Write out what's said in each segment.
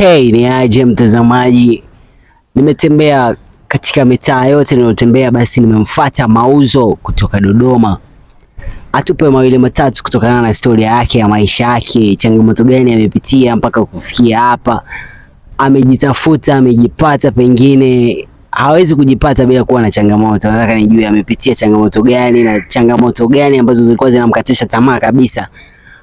Hey, ni aje mtazamaji, nimetembea katika mitaa yote niliyotembea, basi nimemfuata Mauzo kutoka Dodoma atupe mawili matatu kutokana na historia yake ya maisha yake, changamoto gani amepitia mpaka kufikia hapa. Amejitafuta, amejipata, pengine hawezi kujipata bila kuwa na changamoto. Nataka nijue amepitia changamoto gani na changamoto gani ambazo zilikuwa zinamkatisha tamaa kabisa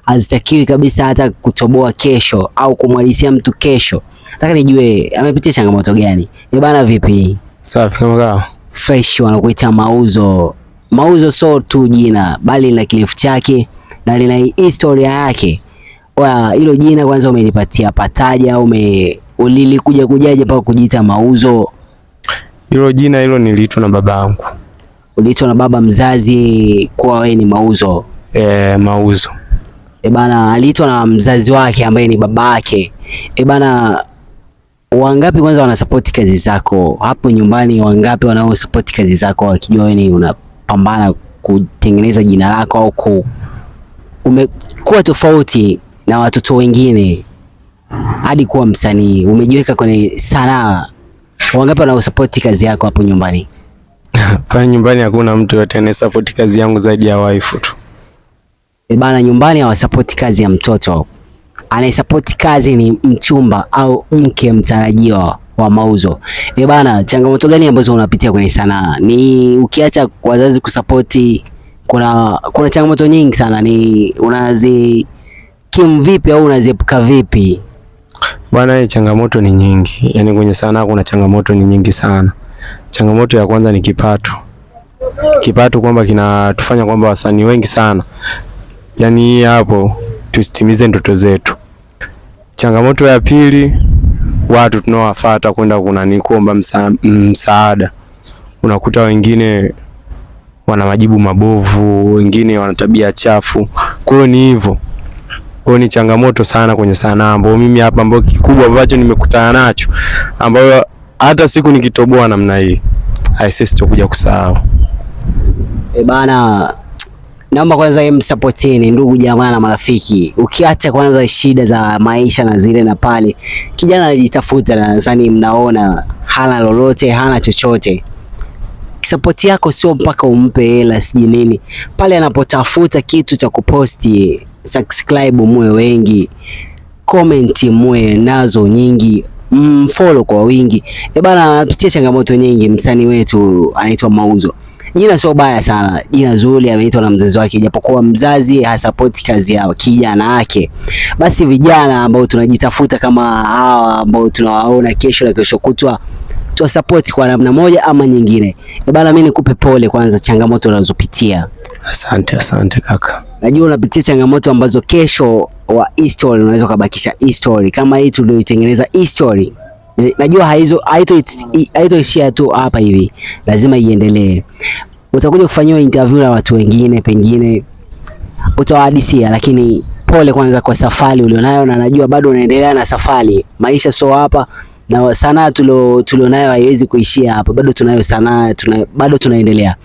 hazitakiwi kabisa hata kutoboa kesho au kumwalisia mtu kesho. Nataka nijue amepitia changamoto gani. Ni bana, vipi? Safi kama kawa. Fresh wanakuita mauzo. Mauzo so tu jina, bali lina kilifu chake na lina historia yake. Wa Hilo jina kwanza umelipatia pataja, ume ulilikuja kujaje mpaka kujiita mauzo? Hilo jina hilo niliitwa na baba yangu. Uliitwa na baba mzazi kwa wewe ni mauzo? E, mauzo e bana, aliitwa na mzazi wake ambaye ni yake. E bana, wangapi kwanza wanasapoti kazi zako hapo nyumbani? Wangapi wanaosapoti kazi zako wakijua wewe ni unapambana kutengeneza jina lako au ku umekuwa tofauti na watoto wengine hadi kuwa msanii, umejiweka kwenye sanaa. Wangapi wanaosapoti kazi yako hapo nyumbani? Pale nyumbani hakuna mtu yote anayesapoti kazi yangu zaidi ya waifu tu. E bana, nyumbani hawasapoti kazi ya mtoto. Anayesapoti kazi ni mchumba au mke mtarajiwa wa mauzo. E bana, changamoto gani ambazo unapitia kwenye sanaa? Ni ukiacha wazazi kusapoti, kuna kuna changamoto nyingi sana, ni unazikimu vipi au unaziepuka vipi? Bwana, changamoto ni nyingi, yaani kwenye sanaa kuna changamoto ni nyingi sana. Changamoto ya kwanza ni kipato, kipato kwamba kinatufanya kwamba wasanii wengi sana yani hii hapo, tusitimize ndoto zetu. Changamoto ya pili, watu tunaowafuata kwenda kunani kuomba msa, msaada, unakuta wengine wana majibu mabovu, wengine wana tabia chafu. Kwa hiyo ni hivyo, kwa hiyo ni changamoto sana kwenye sanaa ambayo mimi hapa, ambayo kikubwa ambacho nimekutana nacho, ambayo hata siku nikitoboa namna hii aisee, sitokuja kusahau. E bana Naomba kwanza msapotini ndugu jamaa na marafiki, ukiacha kwanza shida za maisha na zile na pale, kijana anajitafuta, na nadhani mnaona hana lolote, hana chochote. Sapoti yako sio mpaka umpe hela siji nini, pale anapotafuta kitu cha kuposti, subscribe muwe wengi, comment muwe nazo nyingi mfollow mm, kwa wingi. E bana, anapitia changamoto nyingi msanii wetu anaitwa Mauzo. Jina sio baya sana, jina zuri, ameitwa na mzazi wake, japokuwa mzazi hasapoti kazi ya kijana wake. Basi vijana ambao tunajitafuta kama hawa ambao tunawaona kesho na kesho kutwa tuwasapoti kwa namna moja ama nyingine. E bana, mimi nikupe pole kwanza changamoto unazopitia. Asante, asante kaka. Najua unapitia changamoto ambazo kesho wa history unaweza ukabakisha history kama hii tulioitengeneza history najua haizo haitoishia tu hapa hivi, lazima iendelee. Utakuja kufanyiwa interview na watu wengine, pengine utawahadisia, lakini pole kwanza kwa safari ulionayo, na najua bado unaendelea na safari. Maisha sio hapa na sanaa tulionayo haiwezi kuishia hapa, bado tunayo sanaa tuna, bado tunaendelea.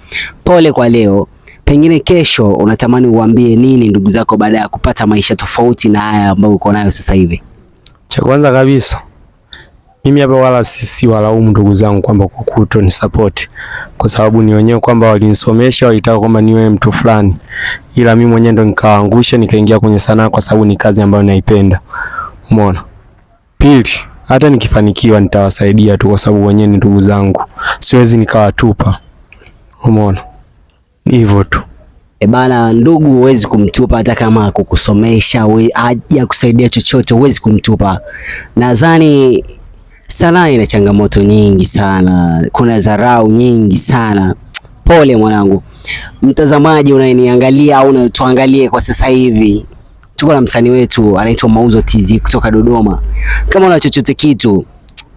Pole kwa leo, pengine kesho unatamani uambie nini ndugu zako baada ya kupata maisha tofauti na haya ambayo uko nayo sasa hivi? Cha kwanza kabisa mimi hapa wala sisi walaumu ndugu zangu kwamba kwa support kwa sababu ni wenyewe kwamba walinisomesha, walitaka kwamba niwe mtu fulani, ila mimi mwenyewe ndo nikaangusha, nikaingia kwenye sanaa kwa sababu ni kazi ambayo naipenda. Umeona? Pili, hata nikifanikiwa nitawasaidia tu, kwa sababu wenyewe ni ndugu zangu, siwezi nikawatupa. Umeona? Hivyo tu. E bana, ndugu huwezi kumtupa, hata kama kukusomesha haja kusaidia chochote, huwezi kumtupa. Nadhani Sanaa ina changamoto nyingi sana, kuna dharau nyingi sana. Pole mwanangu, mtazamaji unayeniangalia au unatuangalie kwa sasa hivi, tuko na msanii wetu anaitwa Mauzo TZ kutoka Dodoma. Kama una chochote kitu,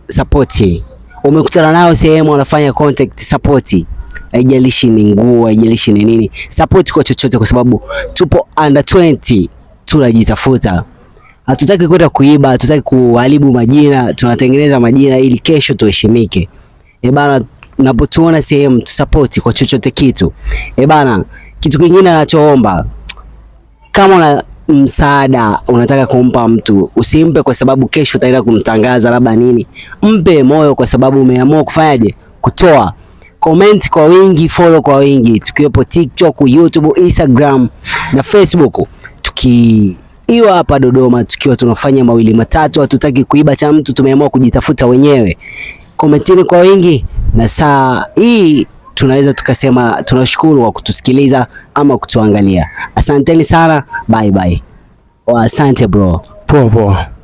sapoti. Umekutana nao sehemu wanafanya contact, sapoti. Haijalishi ni nguo, haijalishi ni nini, support kwa chochote, kwa sababu tupo under 20 tunajitafuta hatutaki kwenda kuiba, hatutaki kuharibu majina, tunatengeneza majina ili kesho tuheshimike. E bana, napotuona sehemu tusapoti kwa chochote kitu. E bana, kitu kingine anachoomba kama una msaada unataka kumpa mtu, usimpe kwa sababu kesho utaenda kumtangaza labda nini. Mpe moyo kwa sababu umeamua kufanyaje, kutoa comment kwa wingi, follow kwa wingi, tukiwepo TikTok, YouTube, Instagram na Facebook tuki hiyo hapa Dodoma, tukiwa tunafanya mawili matatu, hatutaki kuiba cha mtu, tumeamua kujitafuta wenyewe. Komentini kwa wingi, na saa hii tunaweza tukasema tunashukuru kwa kutusikiliza ama kutuangalia. Asanteni sana, bye bye. Asante bro. Poa poa.